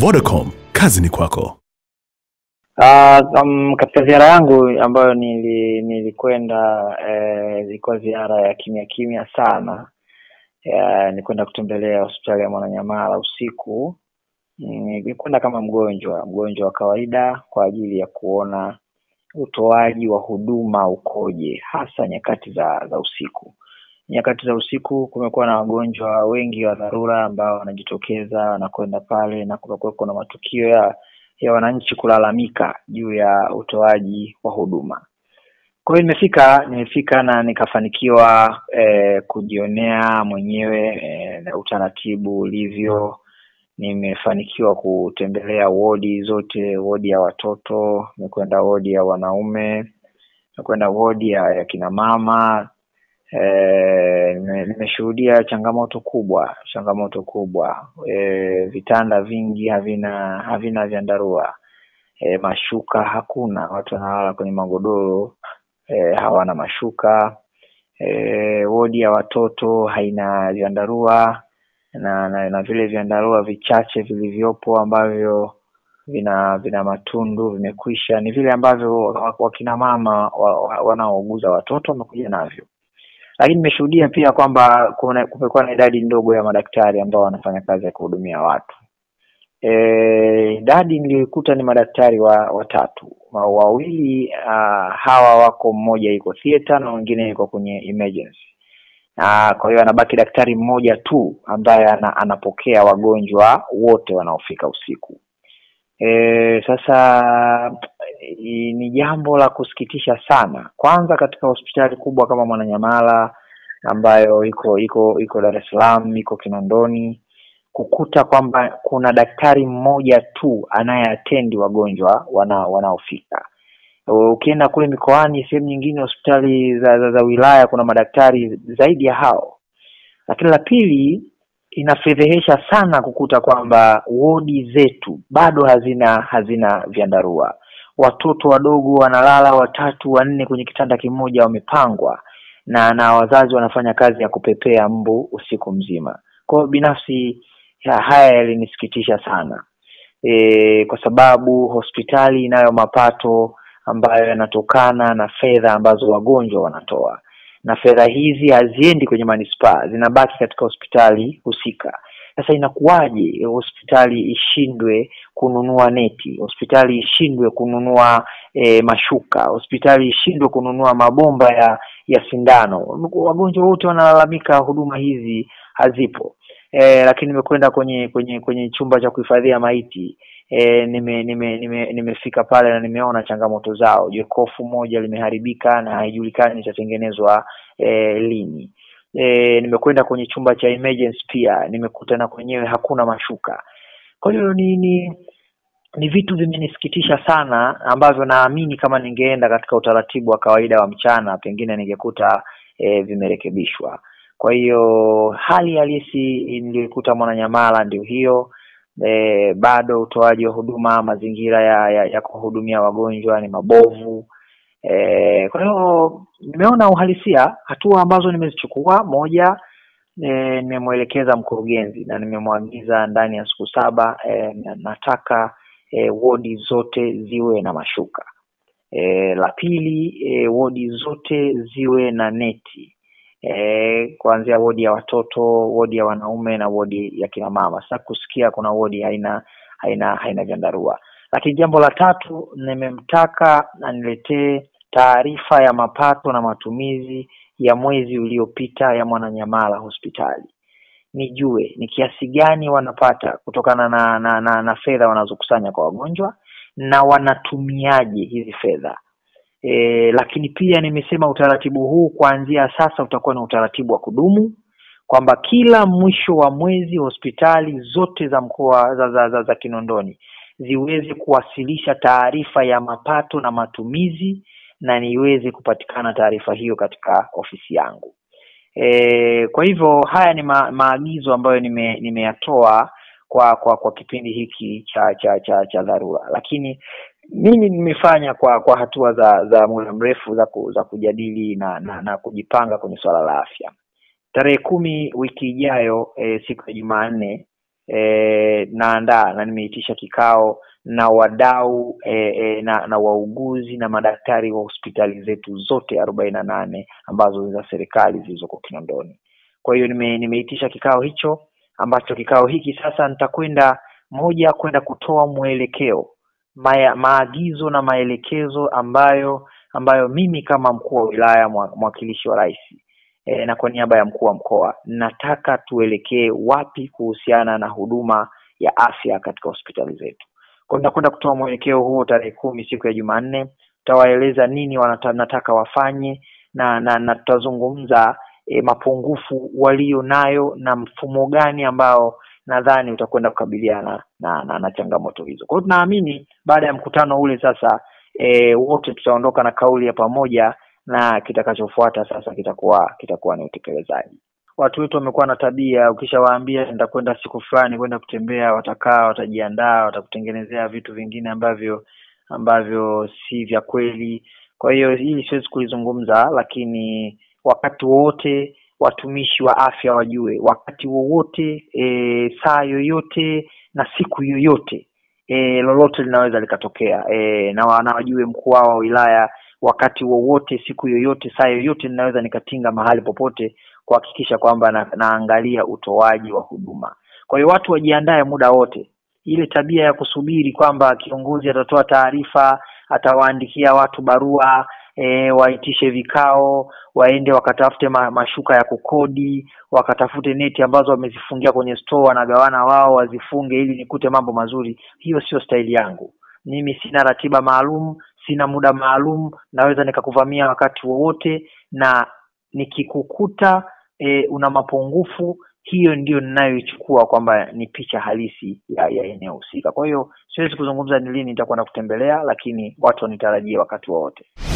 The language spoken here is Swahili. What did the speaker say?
Vodacom, kazi ni kwako. Uh, um, katika ziara yangu ambayo nili, nilikwenda eh, ilikuwa ziara ya kimya kimya sana. Eh, nilikwenda kutembelea hospitali ya Mwananyamala usiku. Mm, nilikwenda kama mgonjwa, mgonjwa wa kawaida kwa ajili ya kuona utoaji wa huduma ukoje, hasa nyakati za, za usiku nyakati za usiku kumekuwa na wagonjwa wengi wa dharura ambao wanajitokeza wanakwenda pale, na kumekuwa kuna matukio ya ya wananchi kulalamika juu ya utoaji wa huduma. Kwa hiyo nimefika nimefika na nikafanikiwa eh, kujionea mwenyewe eh, utaratibu ulivyo. Nimefanikiwa kutembelea wodi zote, wodi ya watoto, nimekwenda wodi ya wanaume, nimekwenda wodi ya, ya kina mama E, nimeshuhudia changamoto kubwa, changamoto kubwa e, vitanda vingi havina havina vyandarua e, eh, mashuka hakuna, watu wanalala kwenye magodoro e, hawana mashuka e, wodi ya watoto haina vyandarua na, na, na vile vyandarua vichache vilivyopo ambavyo vina vina matundu vimekwisha, ni vile ambavyo wakinamama wanaouguza watoto wamekuja navyo lakini nimeshuhudia pia kwamba kumekuwa na idadi ndogo ya madaktari ambao wanafanya kazi ya kuhudumia watu. E, idadi e, niliyoikuta ni madaktari wa watatu, wawili uh, hawa wako, mmoja iko theater na wengine iko kwenye emergency. Uh, kwa hiyo anabaki daktari mmoja tu ambaye ana, anapokea wagonjwa wote wanaofika usiku. E, sasa ni jambo la kusikitisha sana, kwanza katika hospitali kubwa kama Mwananyamala ambayo iko iko iko Dar es Salaam, iko Kinondoni, kukuta kwamba kuna daktari mmoja tu anayeatendi wagonjwa wana, wanaofika. Ukienda kule mikoani, sehemu nyingine, hospitali za, za, za wilaya kuna madaktari zaidi ya hao. Lakini la pili, inafedhehesha sana kukuta kwamba wodi zetu bado hazina hazina vyandarua watoto wadogo wanalala watatu wanne kwenye kitanda kimoja wamepangwa na na wazazi wanafanya kazi ya kupepea mbu usiku mzima kwao binafsi ya, haya yalinisikitisha sana e, kwa sababu hospitali inayo mapato ambayo yanatokana na fedha ambazo wagonjwa wanatoa na fedha hizi haziendi kwenye manispaa zinabaki katika hospitali husika sasa inakuwaje hospitali ishindwe kununua neti, hospitali ishindwe kununua e, mashuka, hospitali ishindwe kununua mabomba ya ya sindano? Wagonjwa wote wanalalamika huduma hizi hazipo. E, lakini nimekwenda kwenye kwenye kwenye chumba cha kuhifadhia maiti e, nime, nime, nime, nimefika pale na nimeona changamoto zao. Jokofu moja limeharibika na haijulikani litatengenezwa e, lini e, nimekwenda kwenye chumba cha emergency pia nimekuta na kwenyewe hakuna mashuka kwa hiyo ni, ni ni vitu vimenisikitisha sana ambavyo naamini kama ningeenda katika utaratibu wa kawaida wa mchana pengine ningekuta e, vimerekebishwa kwa hiyo hali halisi niliyoikuta mwananyamala ndio hiyo e, bado utoaji wa huduma mazingira ya, ya, ya kuhudumia wagonjwa ni mabovu E, kwa hiyo nimeona uhalisia, hatua ambazo nimezichukua, moja e, nimemwelekeza mkurugenzi na nimemwagiza ndani ya siku saba e, nataka e, wodi zote ziwe na mashuka. E, la pili e, wodi zote ziwe na neti e, kuanzia wodi ya watoto, wodi ya wanaume na wodi ya kina mama. Sasa kusikia kuna wodi haina haina haina vyandarua. Lakini jambo la tatu, nimemtaka aniletee taarifa ya mapato na matumizi ya mwezi uliopita ya Mwananyamala hospitali nijue ni kiasi gani wanapata kutokana na na, na, na fedha wanazokusanya kwa wagonjwa na wanatumiaje hizi fedha e, lakini pia nimesema utaratibu huu kuanzia sasa utakuwa ni utaratibu wa kudumu kwamba kila mwisho wa mwezi hospitali zote za mkoa za, za, za, za Kinondoni ziweze kuwasilisha taarifa ya mapato na matumizi na niweze kupatikana taarifa hiyo katika ofisi yangu. E, kwa hivyo haya ni ma, maagizo ambayo nime, nimeyatoa kwa kwa kwa kipindi hiki cha cha cha cha dharura, lakini mimi nimefanya kwa kwa hatua za za muda mrefu za ku, za kujadili na, na na kujipanga kwenye swala la afya. Tarehe kumi wiki ijayo, e, siku ya Jumanne e, naandaa na nimeitisha kikao na wadau e, e, na, na wauguzi na madaktari wa hospitali zetu zote arobaini na nane ambazo ni za serikali zilizoko Kinondoni. Kwa hiyo nime, nimeitisha kikao hicho ambacho kikao hiki sasa nitakwenda moja kwenda kutoa mwelekeo maya, maagizo na maelekezo ambayo ambayo mimi kama mkuu wa wilaya mwakilishi wa rais e, na kwa niaba ya mkuu wa mkoa, nataka tuelekee wapi kuhusiana na huduma ya afya katika hospitali zetu. Kwa nakwenda kutoa mwelekeo huo tarehe kumi siku ya Jumanne, tutawaeleza nini wanataka wafanye na na, na tutazungumza e, mapungufu walio nayo na mfumo gani ambao nadhani utakwenda kukabiliana na, na, na changamoto hizo. Kwa hiyo tunaamini baada ya mkutano ule sasa e, wote tutaondoka na kauli ya pamoja na kitakachofuata sasa kitakuwa kitakuwa ni utekelezaji. Watu wetu wamekuwa na tabia, ukishawaambia nitakwenda siku fulani kwenda kutembea, watakaa, watajiandaa, watakutengenezea vitu vingine ambavyo ambavyo si vya kweli. Kwa hiyo hili siwezi kulizungumza, lakini wakati wowote watumishi wa afya wajue, wakati wowote e, saa yoyote na siku yoyote e, lolote linaweza likatokea e, na, wanawajue wajue mkuu wao wa wilaya wakati wowote, siku yoyote, saa yoyote, ninaweza nikatinga mahali popote kuhakikisha kwamba na, naangalia utoaji wa huduma. Kwa hiyo watu wajiandae muda wote, ile tabia ya kusubiri kwamba kiongozi atatoa taarifa, atawaandikia watu barua E, waitishe vikao, waende wakatafute ma, mashuka ya kukodi, wakatafute neti ambazo wamezifungia kwenye store, wanagawana wao wazifunge, ili nikute mambo mazuri. Hiyo sio staili yangu. Mimi sina ratiba maalum, sina muda maalum, naweza nikakuvamia wakati wowote, na nikikukuta e, una mapungufu, hiyo ndiyo ninayoichukua kwamba ni picha halisi ya, ya eneo husika. Kwa hiyo siwezi kuzungumza ni lini nitakuwa kutembelea lakini watu wanitarajia wakati wowote.